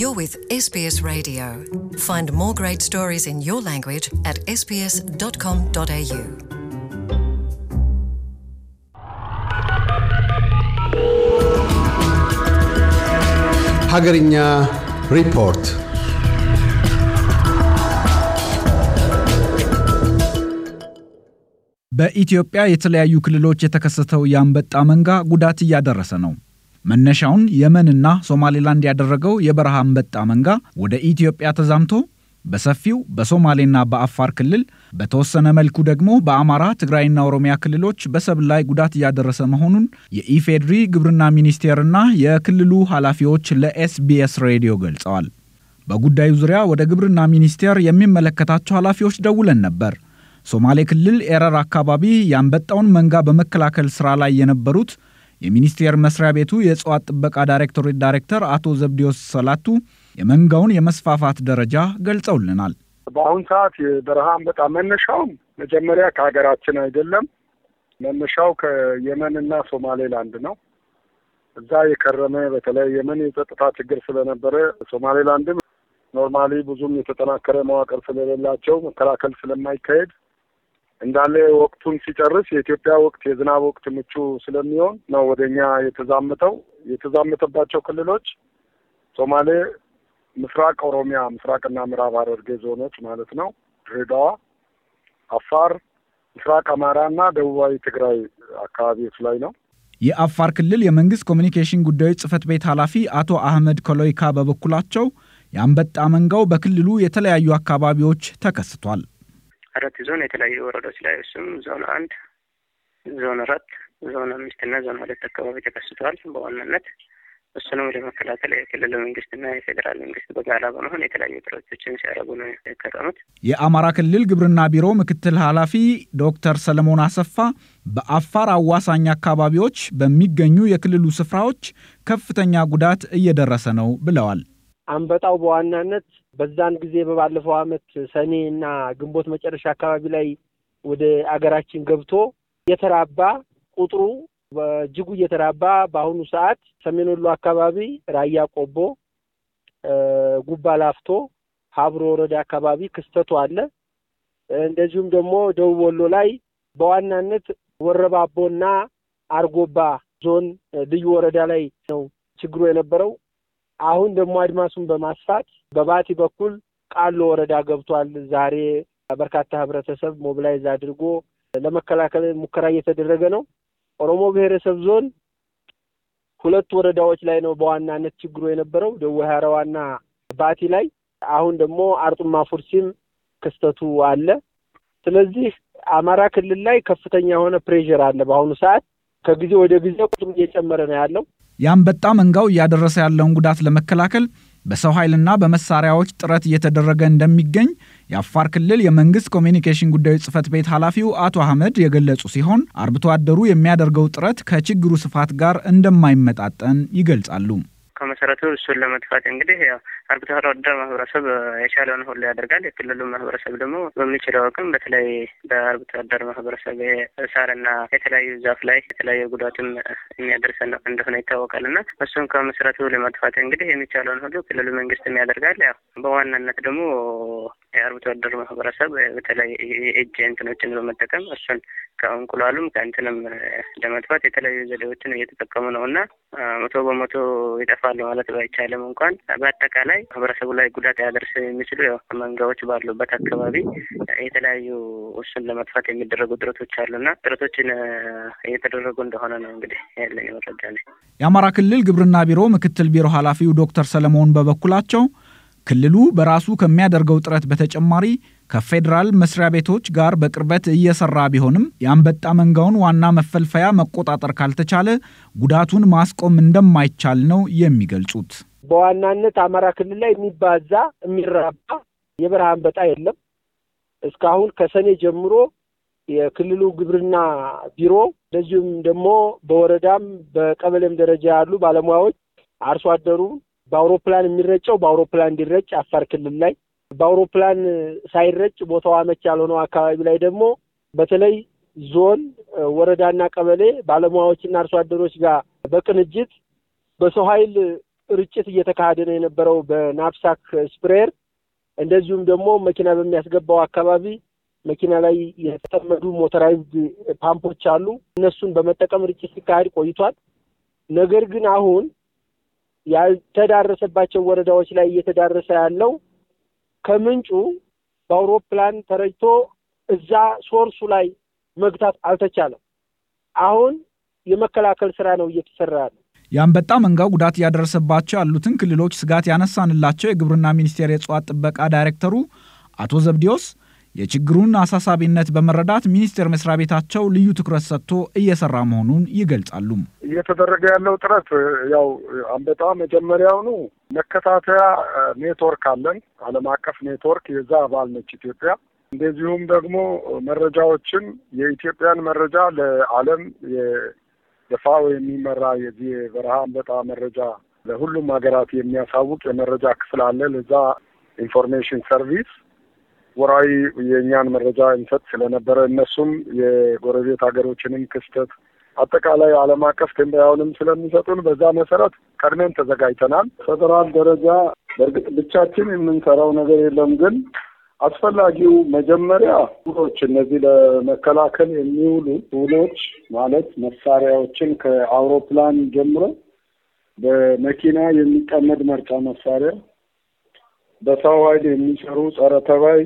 You're with SBS Radio. Find more great stories in your language at sbs.com.au. Hagarinya Report. በኢትዮጵያ የተለያዩ ክልሎች የተከሰተው የአንበጣ መንጋ ጉዳት እያደረሰ ነው። መነሻውን የመንና ሶማሌላንድ ያደረገው የበረሃ አንበጣ መንጋ ወደ ኢትዮጵያ ተዛምቶ በሰፊው በሶማሌና በአፋር ክልል በተወሰነ መልኩ ደግሞ በአማራ ትግራይና ኦሮሚያ ክልሎች በሰብል ላይ ጉዳት እያደረሰ መሆኑን የኢፌድሪ ግብርና ሚኒስቴርና የክልሉ ኃላፊዎች ለኤስቢኤስ ሬዲዮ ገልጸዋል። በጉዳዩ ዙሪያ ወደ ግብርና ሚኒስቴር የሚመለከታቸው ኃላፊዎች ደውለን ነበር። ሶማሌ ክልል ኤረር አካባቢ የአንበጣውን መንጋ በመከላከል ስራ ላይ የነበሩት የሚኒስቴር መስሪያ ቤቱ የእጽዋት ጥበቃ ዳይሬክቶሬት ዳይሬክተር አቶ ዘብዲዮስ ሰላቱ የመንጋውን የመስፋፋት ደረጃ ገልጸውልናል። በአሁን ሰዓት የበረሃ አንበጣ መነሻውም መጀመሪያ ከሀገራችን አይደለም። መነሻው ከየመንና ሶማሌላንድ ነው። እዛ የከረመ በተለይ የመን የጸጥታ ችግር ስለነበረ ሶማሌላንድም ኖርማሊ ብዙም የተጠናከረ መዋቅር ስለሌላቸው መከላከል ስለማይካሄድ እንዳለ ወቅቱን ሲጨርስ የኢትዮጵያ ወቅት የዝናብ ወቅት ምቹ ስለሚሆን ነው ወደ እኛ የተዛመተው። የተዛመተባቸው ክልሎች ሶማሌ፣ ምስራቅ ኦሮሚያ ምስራቅና ምዕራብ ሐረርጌ ዞኖች ማለት ነው፣ ድሬዳዋ፣ አፋር፣ ምስራቅ አማራ እና ደቡባዊ ትግራይ አካባቢዎች ላይ ነው። የአፋር ክልል የመንግስት ኮሚኒኬሽን ጉዳዮች ጽህፈት ቤት ኃላፊ አቶ አህመድ ኮሎይካ በበኩላቸው የአንበጣ መንጋው በክልሉ የተለያዩ አካባቢዎች ተከስቷል። አራት ዞን የተለያዩ ወረዳዎች ላይ እሱም ዞን አንድ፣ ዞን አራት፣ ዞን አምስት እና ዞን ሁለት አካባቢ ተከስተዋል። በዋናነት እሱንም ለመከላከል የክልል መንግስትና የፌዴራል መንግስት በጋራ በመሆን የተለያዩ ጥረቶችን ሲያደርጉ ነው የከረሙት። የአማራ ክልል ግብርና ቢሮ ምክትል ኃላፊ ዶክተር ሰለሞን አሰፋ በአፋር አዋሳኝ አካባቢዎች በሚገኙ የክልሉ ስፍራዎች ከፍተኛ ጉዳት እየደረሰ ነው ብለዋል። አንበጣው በዋናነት በዛን ጊዜ በባለፈው አመት ሰኔ እና ግንቦት መጨረሻ አካባቢ ላይ ወደ አገራችን ገብቶ የተራባ ቁጥሩ በእጅጉ እየተራባ በአሁኑ ሰዓት ሰሜን ወሎ አካባቢ ራያ ቆቦ፣ ጉባ ላፍቶ፣ ሀብሮ ወረዳ አካባቢ ክስተቱ አለ። እንደዚሁም ደግሞ ደቡብ ወሎ ላይ በዋናነት ወረባቦና አርጎባ ዞን ልዩ ወረዳ ላይ ነው ችግሩ የነበረው። አሁን ደግሞ አድማሱን በማስፋት በባቲ በኩል ቃሎ ወረዳ ገብቷል። ዛሬ በርካታ ህብረተሰብ ሞብላይዝ አድርጎ ለመከላከል ሙከራ እየተደረገ ነው። ኦሮሞ ብሔረሰብ ዞን ሁለት ወረዳዎች ላይ ነው በዋናነት ችግሩ የነበረው ደዌ ሐረዋና ባቲ ላይ። አሁን ደግሞ አርጡማ ፉርሲም ክስተቱ አለ። ስለዚህ አማራ ክልል ላይ ከፍተኛ የሆነ ፕሬዥር አለ። በአሁኑ ሰዓት ከጊዜ ወደ ጊዜ ቁጥሩ እየጨመረ ነው ያለው። የአንበጣ መንጋው እያደረሰ ያለውን ጉዳት ለመከላከል በሰው ኃይልና በመሳሪያዎች ጥረት እየተደረገ እንደሚገኝ የአፋር ክልል የመንግስት ኮሚኒኬሽን ጉዳዮች ጽህፈት ቤት ኃላፊው አቶ አህመድ የገለጹ ሲሆን አርብቶ አደሩ የሚያደርገው ጥረት ከችግሩ ስፋት ጋር እንደማይመጣጠን ይገልጻሉ። ከመሰረቱ እሱን ለመጥፋት እንግዲህ ያው አርብቶ አደር ማህበረሰብ የቻለውን ሁሉ ያደርጋል። የክልሉ ማህበረሰብ ደግሞ በምንችለው አቅም በተለይ በአርብቶ አደር ማህበረሰብ ሳርና የተለያዩ ዛፍ ላይ የተለያዩ ጉዳትም የሚያደርሰ እንደሆነ ይታወቃል እና እሱን ከመሰረቱ ለመጥፋት እንግዲህ የሚቻለውን ሁሉ ክልሉ መንግስትም ያደርጋል። ያው በዋናነት ደግሞ የአርብቶ አደር ማህበረሰብ በተለይ የእጅ እንትኖችን በመጠቀም እሱን ከእንቁላሉም ከእንትንም ለመጥፋት የተለያዩ ዘዴዎችን እየተጠቀሙ ነው እና መቶ በመቶ ይጠፋሉ ማለት ባይቻልም እንኳን በአጠቃላይ ማህበረሰቡ ላይ ጉዳት ያደርስ የሚችሉ መንጋዎች ባሉበት አካባቢ የተለያዩ እሱን ለመጥፋት የሚደረጉ ጥረቶች አሉና ጥረቶችን እየተደረጉ እንደሆነ ነው እንግዲህ ያለኝ መረጃ ላይ። የአማራ ክልል ግብርና ቢሮ ምክትል ቢሮ ኃላፊው ዶክተር ሰለሞን በበኩላቸው ክልሉ በራሱ ከሚያደርገው ጥረት በተጨማሪ ከፌዴራል መስሪያ ቤቶች ጋር በቅርበት እየሰራ ቢሆንም የአንበጣ መንጋውን ዋና መፈልፈያ መቆጣጠር ካልተቻለ ጉዳቱን ማስቆም እንደማይቻል ነው የሚገልጹት። በዋናነት አማራ ክልል ላይ የሚባዛ የሚራባ የበረሃ አንበጣ የለም። እስካሁን ከሰኔ ጀምሮ የክልሉ ግብርና ቢሮ እንደዚሁም ደግሞ በወረዳም በቀበሌም ደረጃ ያሉ ባለሙያዎች አርሶ አደሩም በአውሮፕላን የሚረጨው በአውሮፕላን እንዲረጭ አፋር ክልል ላይ በአውሮፕላን ሳይረጭ ቦታው አመች ያልሆነው አካባቢ ላይ ደግሞ በተለይ ዞን ወረዳና ቀበሌ ባለሙያዎችና አርሶ አደሮች ጋር በቅንጅት በሰው ኃይል ርጭት እየተካሄደ ነው የነበረው በናፕሳክ ስፕሬየር እንደዚሁም ደግሞ መኪና በሚያስገባው አካባቢ መኪና ላይ የተጠመዱ ሞተራይዝድ ፓምፖች አሉ። እነሱን በመጠቀም ርጭት ሲካሄድ ቆይቷል። ነገር ግን አሁን ያልተዳረሰባቸው ወረዳዎች ላይ እየተዳረሰ ያለው ከምንጩ በአውሮፕላን ተረጅቶ እዛ ሶርሱ ላይ መግታት አልተቻለም። አሁን የመከላከል ስራ ነው እየተሰራ ያለው። የአንበጣ መንጋው ጉዳት እያደረሰባቸው ያሉትን ክልሎች ስጋት ያነሳንላቸው የግብርና ሚኒስቴር የእጽዋት ጥበቃ ዳይሬክተሩ አቶ ዘብዲዮስ የችግሩን አሳሳቢነት በመረዳት ሚኒስቴር መስሪያ ቤታቸው ልዩ ትኩረት ሰጥቶ እየሰራ መሆኑን ይገልጻሉ። እየተደረገ ያለው ጥረት ያው አንበጣ መጀመሪያውኑ መከታተያ ኔትወርክ አለን። ዓለም አቀፍ ኔትወርክ የዛ አባል ነች ኢትዮጵያ። እንደዚሁም ደግሞ መረጃዎችን የኢትዮጵያን መረጃ ለዓለም የፋኦ የሚመራ የዚህ የበረሃ አንበጣ መረጃ ለሁሉም ሀገራት የሚያሳውቅ የመረጃ ክፍል አለ። ለዛ ኢንፎርሜሽን ሰርቪስ ወራዊ የእኛን መረጃ እንሰጥ ስለነበረ እነሱም የጎረቤት ሀገሮችንም ክስተት አጠቃላይ ዓለም አቀፍ ትንበያውንም ስለሚሰጡን በዛ መሰረት ቀድሜን ተዘጋጅተናል። ፌደራል ደረጃ በእርግጥ ብቻችን የምንሰራው ነገር የለም ግን አስፈላጊው መጀመሪያ ውሎች፣ እነዚህ ለመከላከል የሚውሉ ውሎች ማለት መሳሪያዎችን ከአውሮፕላን ጀምሮ በመኪና የሚቀመድ መርጫ መሳሪያ፣ በሰው ኃይል የሚሰሩ ጸረ ተባይ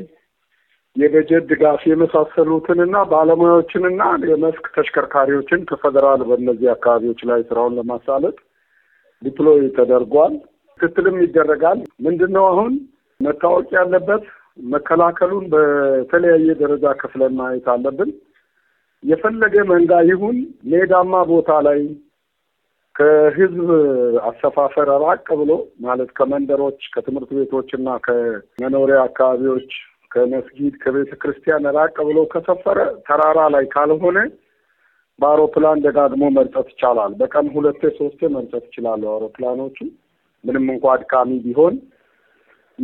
የበጀት ድጋፍ የመሳሰሉትንና ባለሙያዎችንና የመስክ ተሽከርካሪዎችን ከፌደራል በእነዚህ አካባቢዎች ላይ ስራውን ለማሳለጥ ዲፕሎይ ተደርጓል። ክትትልም ይደረጋል። ምንድን ነው አሁን መታወቅ ያለበት መከላከሉን በተለያየ ደረጃ ከፍለን ማየት አለብን። የፈለገ መንጋ ይሁን ሜዳማ ቦታ ላይ ከህዝብ አሰፋፈር ራቅ ብሎ ማለት ከመንደሮች ከትምህርት ቤቶች እና ከመኖሪያ አካባቢዎች ከመስጊድ ከቤተ ክርስቲያን ራቅ ብሎ ከሰፈረ ተራራ ላይ ካልሆነ በአውሮፕላን ደጋግሞ መርጠት ይቻላል። በቀን ሁለቴ ሶስቴ መርጠት ይችላሉ አውሮፕላኖቹ ምንም እንኳ አድካሚ ቢሆን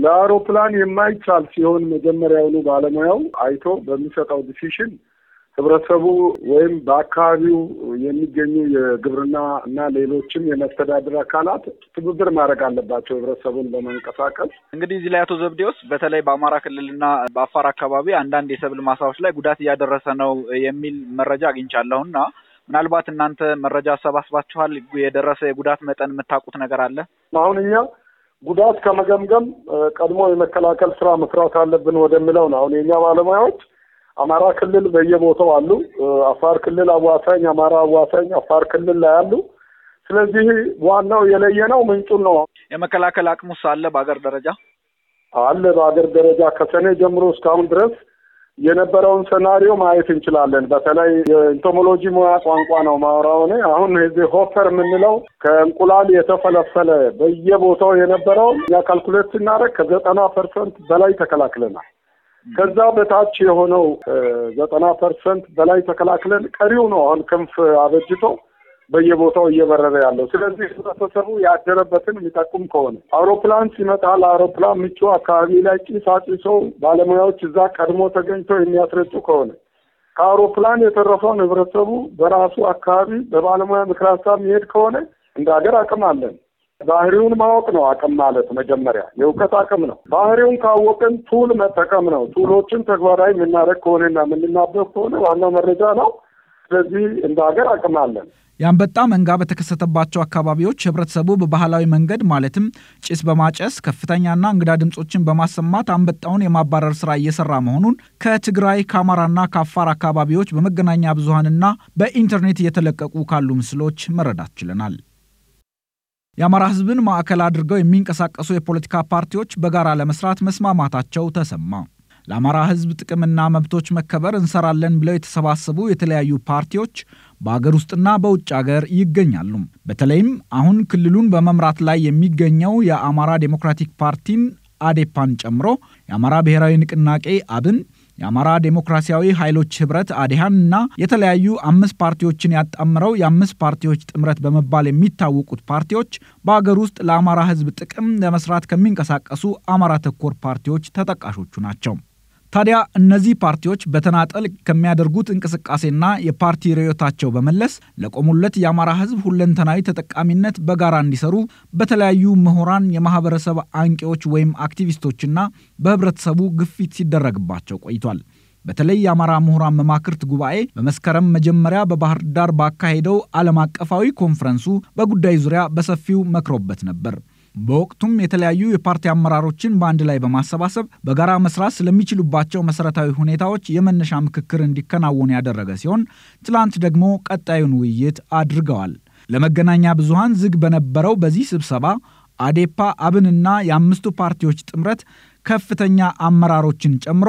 ለአውሮፕላን የማይቻል ሲሆን መጀመሪያውኑ ባለሙያው አይቶ በሚሰጠው ዲሲሽን ህብረተሰቡ ወይም በአካባቢው የሚገኙ የግብርና እና ሌሎችም የመስተዳድር አካላት ትብብር ማድረግ አለባቸው ህብረተሰቡን በመንቀሳቀስ። እንግዲህ እዚህ ላይ አቶ ዘብዴዎስ በተለይ በአማራ ክልልና በአፋር አካባቢ አንዳንድ የሰብል ማሳዎች ላይ ጉዳት እያደረሰ ነው የሚል መረጃ አግኝቻለሁ እና ምናልባት እናንተ መረጃ አሰባስባችኋል? የደረሰ የጉዳት መጠን የምታውቁት ነገር አለ? አሁን እኛ ጉዳት ከመገምገም ቀድሞ የመከላከል ስራ መስራት አለብን ወደሚለው ነው አሁን የኛ ባለሙያዎች አማራ ክልል በየቦታው አሉ። አፋር ክልል አዋሳኝ፣ አማራ አዋሳኝ አፋር ክልል ላይ አሉ። ስለዚህ ዋናው የለየነው ምንጩን ነው። የመከላከል አቅሙስ አለ በአገር ደረጃ አለ። በሀገር ደረጃ ከሰኔ ጀምሮ እስካሁን ድረስ የነበረውን ሴናሪዮ ማየት እንችላለን። በተለይ የኢንቶሞሎጂ ሙያ ቋንቋ ነው ማውራው እኔ አሁን እዚህ ሆፐር የምንለው ከእንቁላል የተፈለፈለ በየቦታው የነበረውን እኛ ካልኩሌት ስናደርግ ከዘጠና ፐርሰንት በላይ ተከላክለናል። ከዛ በታች የሆነው ዘጠና ፐርሰንት በላይ ተከላክለን ቀሪው ነው አሁን ክንፍ አበጅቶ በየቦታው እየበረረ ያለው። ስለዚህ ህብረተሰቡ ያደረበትን የሚጠቁም ከሆነ አውሮፕላን ሲመጣ ለአውሮፕላን ምቹ አካባቢ ላይ ጭስ አጭሶ ባለሙያዎች እዛ ቀድሞ ተገኝተው የሚያስረጩ ከሆነ ከአውሮፕላን የተረፈውን ህብረተሰቡ በራሱ አካባቢ በባለሙያ ምክር ሀሳብ የሚሄድ ከሆነ እንደ ሀገር አቅም አለን። ባህሪውን ማወቅ ነው አቅም ማለት መጀመሪያ የእውቀት አቅም ነው። ባህሪውን ካወቅን ቱል መጠቀም ነው። ቱሎችን ተግባራዊ የምናደርግ ከሆነና የምንናበብ ከሆነ ዋናው መረጃ ነው። ስለዚህ እንደ ሀገር አቅም አለን። የአንበጣ መንጋ በተከሰተባቸው አካባቢዎች ህብረተሰቡ በባህላዊ መንገድ ማለትም ጭስ በማጨስ ከፍተኛና እንግዳ ድምፆችን በማሰማት አንበጣውን የማባረር ስራ እየሰራ መሆኑን ከትግራይ ከአማራና ከአፋር አካባቢዎች በመገናኛ ብዙሀንና በኢንተርኔት እየተለቀቁ ካሉ ምስሎች መረዳት ችለናል። የአማራ ህዝብን ማዕከል አድርገው የሚንቀሳቀሱ የፖለቲካ ፓርቲዎች በጋራ ለመስራት መስማማታቸው ተሰማ። ለአማራ ህዝብ ጥቅምና መብቶች መከበር እንሰራለን ብለው የተሰባሰቡ የተለያዩ ፓርቲዎች በአገር ውስጥና በውጭ አገር ይገኛሉ። በተለይም አሁን ክልሉን በመምራት ላይ የሚገኘው የአማራ ዴሞክራቲክ ፓርቲን አዴፓን ጨምሮ የአማራ ብሔራዊ ንቅናቄ አብን የአማራ ዴሞክራሲያዊ ኃይሎች ህብረት አዲሃን እና የተለያዩ አምስት ፓርቲዎችን ያጣምረው የአምስት ፓርቲዎች ጥምረት በመባል የሚታወቁት ፓርቲዎች በአገር ውስጥ ለአማራ ህዝብ ጥቅም ለመስራት ከሚንቀሳቀሱ አማራ ተኮር ፓርቲዎች ተጠቃሾቹ ናቸው። ታዲያ እነዚህ ፓርቲዎች በተናጠል ከሚያደርጉት እንቅስቃሴና የፓርቲ ርዕዮታቸው በመለስ ለቆሙለት የአማራ ሕዝብ ሁለንተናዊ ተጠቃሚነት በጋራ እንዲሰሩ በተለያዩ ምሁራን፣ የማህበረሰብ አንቂዎች ወይም አክቲቪስቶችና በህብረተሰቡ ግፊት ሲደረግባቸው ቆይቷል። በተለይ የአማራ ምሁራን መማክርት ጉባኤ በመስከረም መጀመሪያ በባህር ዳር ባካሄደው ዓለም አቀፋዊ ኮንፈረንሱ በጉዳዩ ዙሪያ በሰፊው መክሮበት ነበር። በወቅቱም የተለያዩ የፓርቲ አመራሮችን በአንድ ላይ በማሰባሰብ በጋራ መስራት ስለሚችሉባቸው መሰረታዊ ሁኔታዎች የመነሻ ምክክር እንዲከናወን ያደረገ ሲሆን ትላንት ደግሞ ቀጣዩን ውይይት አድርገዋል። ለመገናኛ ብዙሃን ዝግ በነበረው በዚህ ስብሰባ አዴፓ፣ አብንና የአምስቱ ፓርቲዎች ጥምረት ከፍተኛ አመራሮችን ጨምሮ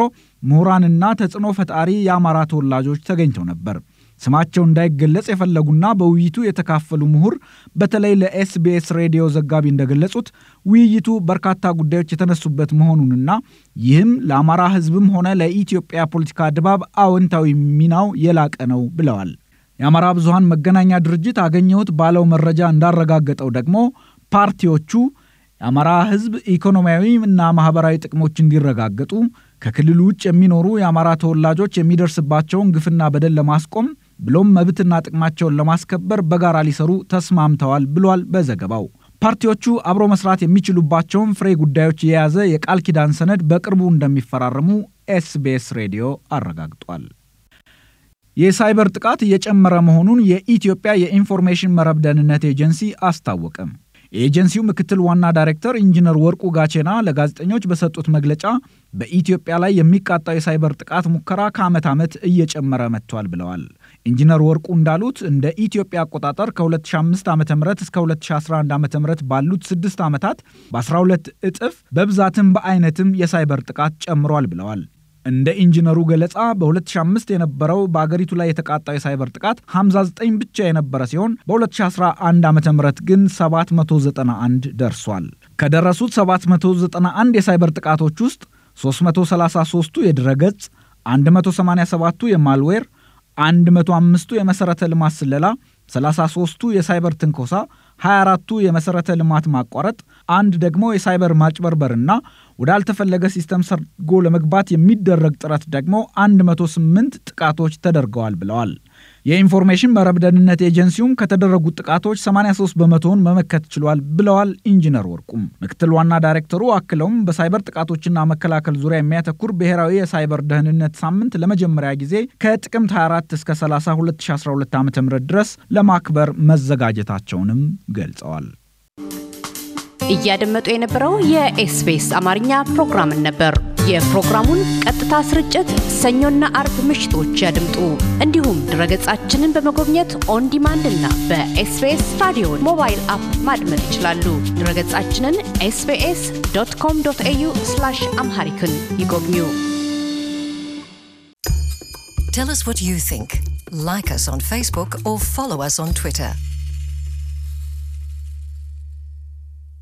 ምሁራንና ተጽዕኖ ፈጣሪ የአማራ ተወላጆች ተገኝተው ነበር። ስማቸው እንዳይገለጽ የፈለጉና በውይይቱ የተካፈሉ ምሁር በተለይ ለኤስቢኤስ ሬዲዮ ዘጋቢ እንደገለጹት ውይይቱ በርካታ ጉዳዮች የተነሱበት መሆኑንና ይህም ለአማራ ሕዝብም ሆነ ለኢትዮጵያ ፖለቲካ ድባብ አዎንታዊ ሚናው የላቀ ነው ብለዋል። የአማራ ብዙሃን መገናኛ ድርጅት አገኘሁት ባለው መረጃ እንዳረጋገጠው ደግሞ ፓርቲዎቹ የአማራ ሕዝብ ኢኮኖሚያዊ እና ማህበራዊ ጥቅሞች እንዲረጋገጡ ከክልሉ ውጭ የሚኖሩ የአማራ ተወላጆች የሚደርስባቸውን ግፍና በደል ለማስቆም ብሎም መብትና ጥቅማቸውን ለማስከበር በጋራ ሊሰሩ ተስማምተዋል ብሏል በዘገባው። ፓርቲዎቹ አብሮ መስራት የሚችሉባቸውን ፍሬ ጉዳዮች የያዘ የቃል ኪዳን ሰነድ በቅርቡ እንደሚፈራረሙ ኤስቢኤስ ሬዲዮ አረጋግጧል። የሳይበር ጥቃት እየጨመረ መሆኑን የኢትዮጵያ የኢንፎርሜሽን መረብ ደህንነት ኤጀንሲ አስታወቀም። የኤጀንሲው ምክትል ዋና ዳይሬክተር ኢንጂነር ወርቁ ጋቼና ለጋዜጠኞች በሰጡት መግለጫ በኢትዮጵያ ላይ የሚቃጣው የሳይበር ጥቃት ሙከራ ከዓመት ዓመት እየጨመረ መጥቷል ብለዋል። ኢንጂነር ወርቁ እንዳሉት እንደ ኢትዮጵያ አቆጣጠር ከ2005 ዓ ም እስከ 2011 ዓ ም ባሉት ስድስት ዓመታት በ12 እጥፍ በብዛትም በአይነትም የሳይበር ጥቃት ጨምሯል ብለዋል። እንደ ኢንጂነሩ ገለጻ በ2005 የነበረው በአገሪቱ ላይ የተቃጣው የሳይበር ጥቃት 59 ብቻ የነበረ ሲሆን በ2011 ዓ ም ግን 791 ደርሷል። ከደረሱት 791 የሳይበር ጥቃቶች ውስጥ 333ቱ የድረገጽ፣ 187ቱ የማልዌር፣ 105ቱ የመሠረተ ልማት ስለላ፣ 33ቱ የሳይበር ትንኮሳ 24ቱ የመሰረተ ልማት ማቋረጥ፣ አንድ ደግሞ የሳይበር ማጭበርበርና ወዳልተፈለገ ሲስተም ሰርጎ ለመግባት የሚደረግ ጥረት ደግሞ 108 ጥቃቶች ተደርገዋል ብለዋል። የኢንፎርሜሽን መረብ ደህንነት ኤጀንሲውም ከተደረጉት ጥቃቶች 83 በመቶውን መመከት ችሏል ብለዋል ኢንጂነር ወርቁም። ምክትል ዋና ዳይሬክተሩ አክለውም በሳይበር ጥቃቶችና መከላከል ዙሪያ የሚያተኩር ብሔራዊ የሳይበር ደህንነት ሳምንት ለመጀመሪያ ጊዜ ከጥቅምት 24 እስከ 30 2012 ዓ ም ድረስ ለማክበር መዘጋጀታቸውንም ገልጸዋል። እያደመጡ የነበረው የኤስቢኤስ አማርኛ ፕሮግራምን ነበር። የፕሮግራሙን ቀጥታ ስርጭት ሰኞና አርብ ምሽቶች ያድምጡ። እንዲሁም ድረገጻችንን በመጎብኘት ኦን ዲማንድ እና በኤስቢኤስ ራዲዮ ሞባይል አፕ ማድመጥ ይችላሉ። ድረገጻችንን ኤስቢኤስ ዶት ኮም ዶት ኤዩ አምሃሪክን ይጎብኙ። Tell us what you think. Like us ኦን Facebook or follow